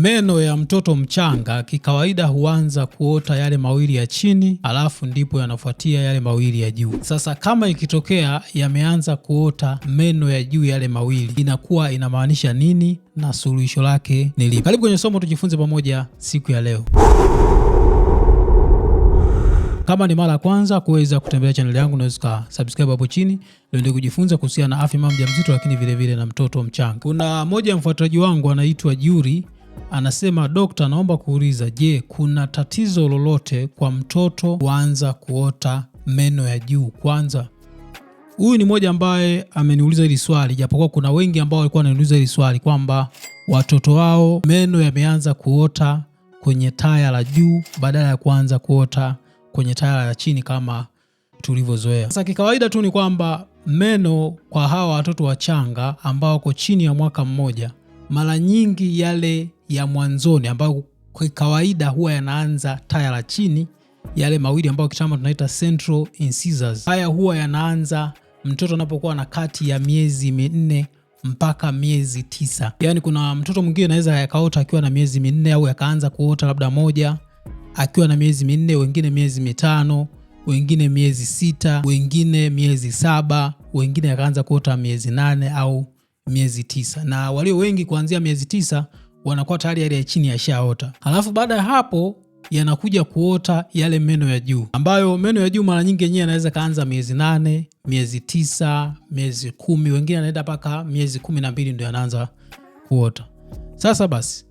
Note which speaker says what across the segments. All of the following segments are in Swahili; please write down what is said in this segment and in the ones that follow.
Speaker 1: Meno ya mtoto mchanga kikawaida huanza kuota yale mawili ya chini, alafu ndipo yanafuatia yale mawili ya juu. Sasa kama ikitokea yameanza kuota meno ya juu yale mawili, inakuwa inamaanisha nini na suluhisho lake ni lipi? Karibu kwenye somo tujifunze pamoja siku ya leo. Kama ni mara ya kwanza kuweza kutembelea channel yangu, unaweza ka subscribe hapo chini ndio kujifunza kuhusiana na afya mama mjamzito, lakini vilevile vile na mtoto mchanga. Kuna moja ya mfuatiliaji wangu anaitwa Juri anasema dokta, naomba kuuliza, je, kuna tatizo lolote kwa mtoto kuanza kuota meno ya juu kwanza? Huyu ni mmoja ambaye ameniuliza hili swali, japokuwa kuna wengi ambao walikuwa wananiuliza hili swali kwamba watoto wao meno yameanza kuota kwenye taya la juu badala ya kuanza kuota kwenye taya la chini kama tulivyozoea. Sasa kikawaida tu ni kwamba meno kwa hawa watoto wachanga ambao wako chini ya mwaka mmoja, mara nyingi yale ya mwanzoni ambayo kwa kawaida huwa yanaanza taya la chini, yale mawili ambayo kitama tunaita central incisors. Haya huwa yanaanza mtoto anapokuwa na kati ya miezi minne mpaka miezi tisa. Yaani kuna mtoto mwingine anaweza yakaota akiwa na miezi minne au yakaanza kuota labda moja akiwa na miezi minne, wengine miezi mitano, wengine miezi sita, wengine miezi saba, wengine yakaanza kuota miezi nane au miezi tisa, na walio wengi kuanzia miezi tisa wanakuwa tayari yale ya chini yashaota, halafu baada ya hapo yanakuja kuota yale meno ya juu, ambayo meno ya juu mara nyingi yenyewe yanaweza kaanza miezi nane, miezi tisa, miezi kumi, wengine anaenda mpaka miezi kumi na mbili ndio yanaanza kuota. Sasa basi,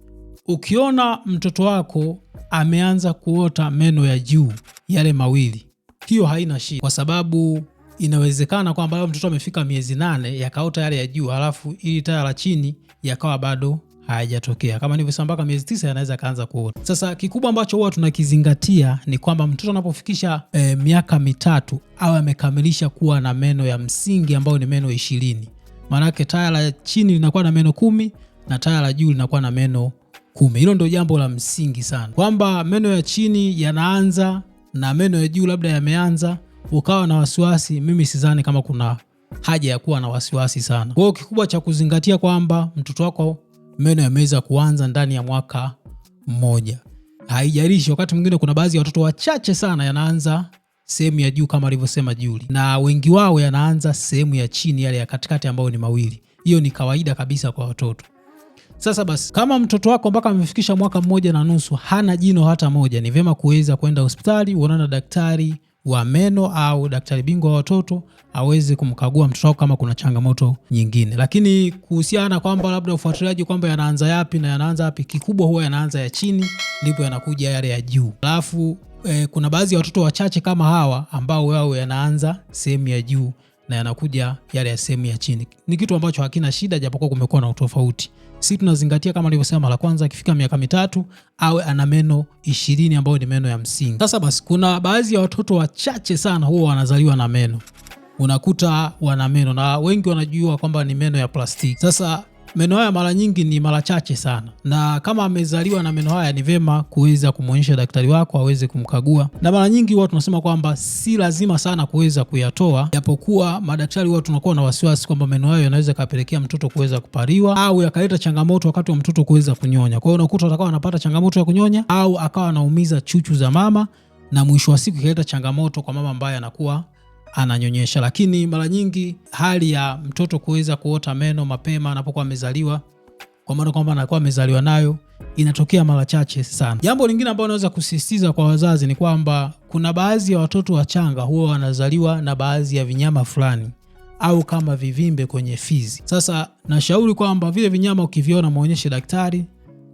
Speaker 1: ukiona mtoto wako ameanza kuota meno ya juu yale mawili, hiyo haina shida, kwa sababu inawezekana kwamba mtoto amefika miezi nane yakaota yale ya juu, halafu ili taya la chini yakawa bado hayajatokea. Kama nilivyosema, mpaka miezi tisa anaweza kaanza kuona. Sasa kikubwa ambacho huwa tunakizingatia ni kwamba mtoto anapofikisha e, miaka mitatu awe amekamilisha kuwa na meno ya msingi ambayo ni meno ishirini. Maanake taya la chini linakuwa na meno kumi na taya la juu linakuwa na meno kumi. Hilo ndio jambo la msingi sana, kwamba meno ya chini yanaanza na meno ya juu labda yameanza, ukawa na wasiwasi. Mimi sidhani kama kuna haja ya kuwa na wasiwasi sana. Kwa hiyo kikubwa cha kuzingatia kwamba mtoto wako meno yameweza kuanza ndani ya mwaka mmoja. Haijalishi, wakati mwingine kuna baadhi ya watoto wachache sana yanaanza sehemu ya juu kama alivyosema Juli, na wengi wao yanaanza sehemu ya chini, yale ya katikati ambayo ni mawili. Hiyo ni kawaida kabisa kwa watoto. Sasa basi, kama mtoto wako mpaka amefikisha mwaka mmoja na nusu hana jino hata moja, ni vyema kuweza kwenda hospitali uonana na daktari wa meno au daktari bingwa wa watoto aweze kumkagua mtoto wako kama kuna changamoto nyingine. Lakini kuhusiana kwamba labda ufuatiliaji kwamba yanaanza yapi na yanaanza yapi, kikubwa huwa yanaanza ya chini, ndipo yanakuja yale ya juu. Alafu eh, kuna baadhi ya watoto wachache kama hawa ambao wao yanaanza sehemu ya juu na yanakuja yale ya sehemu ya chini. Ni kitu ambacho hakina shida, japokuwa kumekuwa na utofauti. Si tunazingatia kama alivyosema mara kwanza, akifika miaka mitatu awe ana meno ishirini ambayo ni meno ya msingi. Sasa basi, kuna baadhi ya watoto wachache sana huwa wanazaliwa na meno, unakuta wana meno na wengi wanajua kwamba ni meno ya plastiki. Sasa meno haya mara nyingi ni mara chache sana, na kama amezaliwa na meno haya ni vema kuweza kumwonyesha daktari wako aweze kumkagua, na mara nyingi huwa tunasema kwamba si lazima sana kuweza kuyatoa, japokuwa madaktari huwa tunakuwa na wasiwasi kwamba meno hayo yanaweza kapelekea mtoto kuweza kupariwa au yakaleta changamoto wakati wa mtoto kuweza kunyonya. Kwa hiyo unakuta atakawa anapata changamoto ya kunyonya au akawa anaumiza chuchu za mama na mwisho wa siku ikaleta changamoto kwa mama ambaye anakuwa ananyonyesha. Lakini mara nyingi hali ya mtoto kuweza kuota meno mapema anapokuwa amezaliwa, kwa maana kwamba anakuwa amezaliwa nayo, inatokea mara chache sana. Jambo lingine ambalo naweza kusisitiza kwa wazazi ni kwamba kuna baadhi ya watoto wachanga huwa wanazaliwa na baadhi ya vinyama fulani au kama vivimbe kwenye fizi. Sasa nashauri kwamba vile vinyama ukiviona mwonyeshe daktari,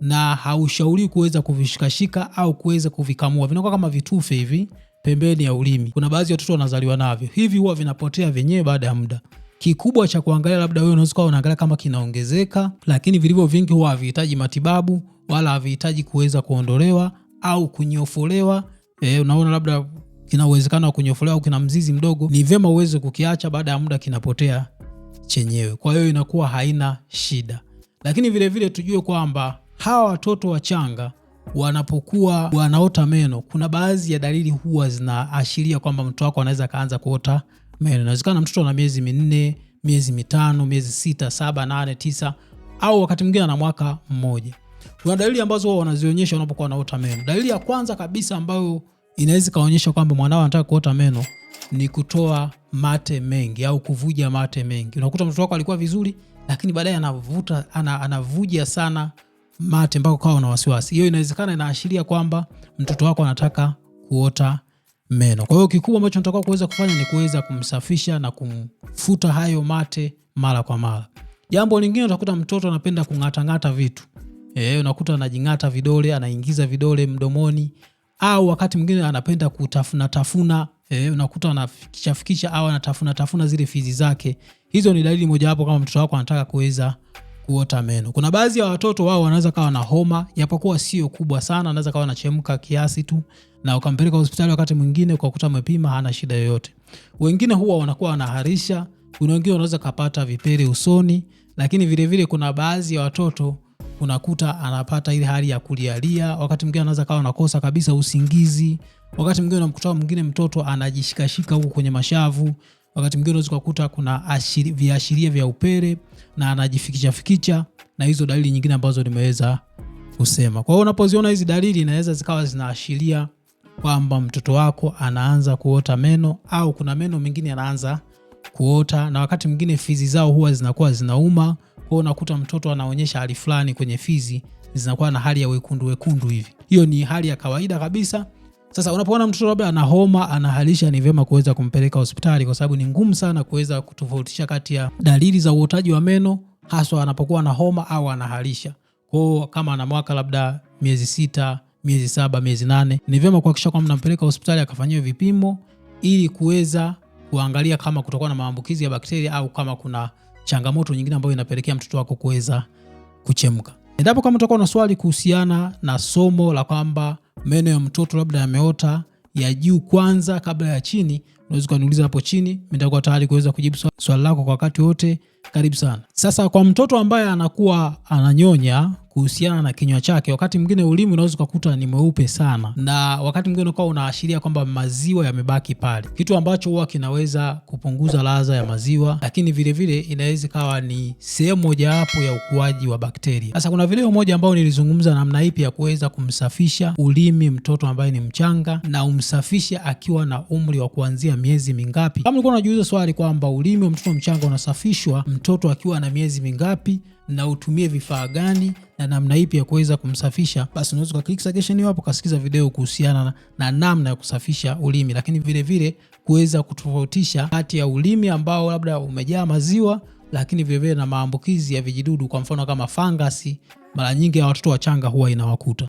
Speaker 1: na haushauri kuweza kuvishikashika au kuweza kuvikamua, vinakuwa kama vitufe hivi pembeni ya ulimi. Kuna baadhi ya watoto wanazaliwa navyo, hivi huwa vinapotea vyenyewe baada ya muda. Kikubwa cha kuangalia, labda wewe unaweza kuwa unaangalia kama kinaongezeka, lakini vilivyo vingi huwa havihitaji matibabu wala havihitaji kuweza kuondolewa au kunyofolewa. E, unaona labda kina uwezekano wa kunyofolewa au kina mzizi mdogo, ni vyema uweze kukiacha, baada ya muda kinapotea chenyewe, kwa hiyo inakuwa haina shida. Lakini vilevile vile tujue kwamba hawa watoto wachanga wanapokuwa wanaota meno, kuna baadhi ya dalili huwa zinaashiria kwamba mtoto wako anaweza akaanza kuota meno. Inawezekana mtoto ana miezi minne, miezi mitano, miezi sita, saba, nane, tisa au wakati mwingine ana mwaka mmoja. Kuna dalili ambazo wao wanazionyesha wanapokuwa wanaota meno. Dalili ya kwanza kabisa ambayo inaweza kaonyesha kwamba mwanao anataka kuota meno ni kutoa mate mengi au kuvuja mate mengi. Unakuta mtoto wako alikuwa vizuri, lakini baadaye anavuta ana, anavuja sana mate mpaka ukawa una wasiwasi, hiyo inawezekana inaashiria kwamba mtoto wako anataka kuota meno. Kwa hiyo kikubwa ambacho unatakiwa kuweza kufanya ni kuweza kumsafisha na kumfuta hayo mate mara kwa mara. Jambo lingine, utakuta mtoto anapenda kung'atang'ata vitu e, unakuta anajing'ata vidole, anaingiza vidole mdomoni, au wakati mwingine anapenda kutafuna tafuna e, unakuta anafikishafikisha au anatafuna tafuna zile fizi zake. Hizo ni dalili mojawapo kama mtoto wako anataka kuweza kuota meno. Kuna baadhi ya watoto wao wanaweza kawa na homa, japokuwa sio kubwa sana, anaweza kawa anachemka kiasi tu, na ukampeleka hospitali, wakati mwingine ukakuta umepima hana shida yoyote. Wengine huwa wanakuwa wanaharisha, kuna wengine wanaweza kapata vipele usoni, lakini vile vile kuna baadhi ya watoto unakuta anapata ile hali ya kulialia, wakati mwingine anaweza kawa anakosa kabisa usingizi, wakati mwingine unamkuta mwingine mtoto anajishikashika huko kwenye mashavu, Wakati mwingine unaweza kukuta kuna viashiria vya upere na anajifikisha fikicha na hizo dalili nyingine ambazo nimeweza kusema. Kwa hiyo unapoziona hizi dalili, inaweza zikawa zinaashiria kwamba mtoto wako anaanza kuota meno au kuna meno mengine yanaanza kuota, na wakati mwingine fizi zao huwa zinakuwa zinauma. Kwa hiyo unakuta mtoto anaonyesha hali fulani kwenye fizi zinakuwa na hali ya wekundu wekundu hivi. Hiyo ni hali ya kawaida kabisa. Sasa unapoona mtoto labda ana homa, anahalisha, ni vyema kuweza kumpeleka hospitali, kwa sababu ni ngumu sana kuweza kutofautisha kati ya dalili za uotaji wa meno haswa anapokuwa na homa au anahalisha. Kwao kama ana mwaka labda miezi sita, miezi saba, miezi nane, ni vyema kuhakikisha kwamba mnampeleka hospitali akafanyiwe vipimo ili kuweza kuangalia kama kutakuwa na maambukizi ya bakteria au kama kuna changamoto nyingine ambayo inapelekea mtoto wako kuweza kuchemka. Endapo kama utakuwa na swali kuhusiana na somo la kwamba meno ya mtoto labda yameota ya juu kwanza kabla ya chini, unaweza ukaniuliza hapo chini, nitakuwa tayari kuweza kujibu swali lako kwa wakati wote. Karibu sana. Sasa kwa mtoto ambaye anakuwa ananyonya kuhusiana na kinywa chake, wakati mwingine ulimi unaweza ukakuta ni mweupe sana, na wakati mwingine ukawa unaashiria kwamba maziwa yamebaki pale, kitu ambacho huwa kinaweza kupunguza ladha ya maziwa, lakini vilevile inaweza ikawa ni sehemu mojawapo ya ukuaji wa bakteria. Sasa kuna video moja ambayo nilizungumza namna ipi ya kuweza kumsafisha ulimi mtoto ambaye ni mchanga, na umsafishe akiwa na umri wa kuanzia miezi mingapi. Kama ulikuwa unajiuliza swali kwamba ulimi wa mtoto mchanga unasafishwa mtoto akiwa na miezi mingapi na utumie vifaa gani na namna ipi ya kuweza kumsafisha, basi unaweza ukaklik suggestion hapo ukasikiza video kuhusiana na namna ya kusafisha ulimi, lakini vilevile kuweza kutofautisha kati ya ulimi ambao labda umejaa maziwa lakini vilevile na maambukizi ya vijidudu, kwa mfano kama fangasi, mara nyingi ya watoto wachanga huwa inawakuta.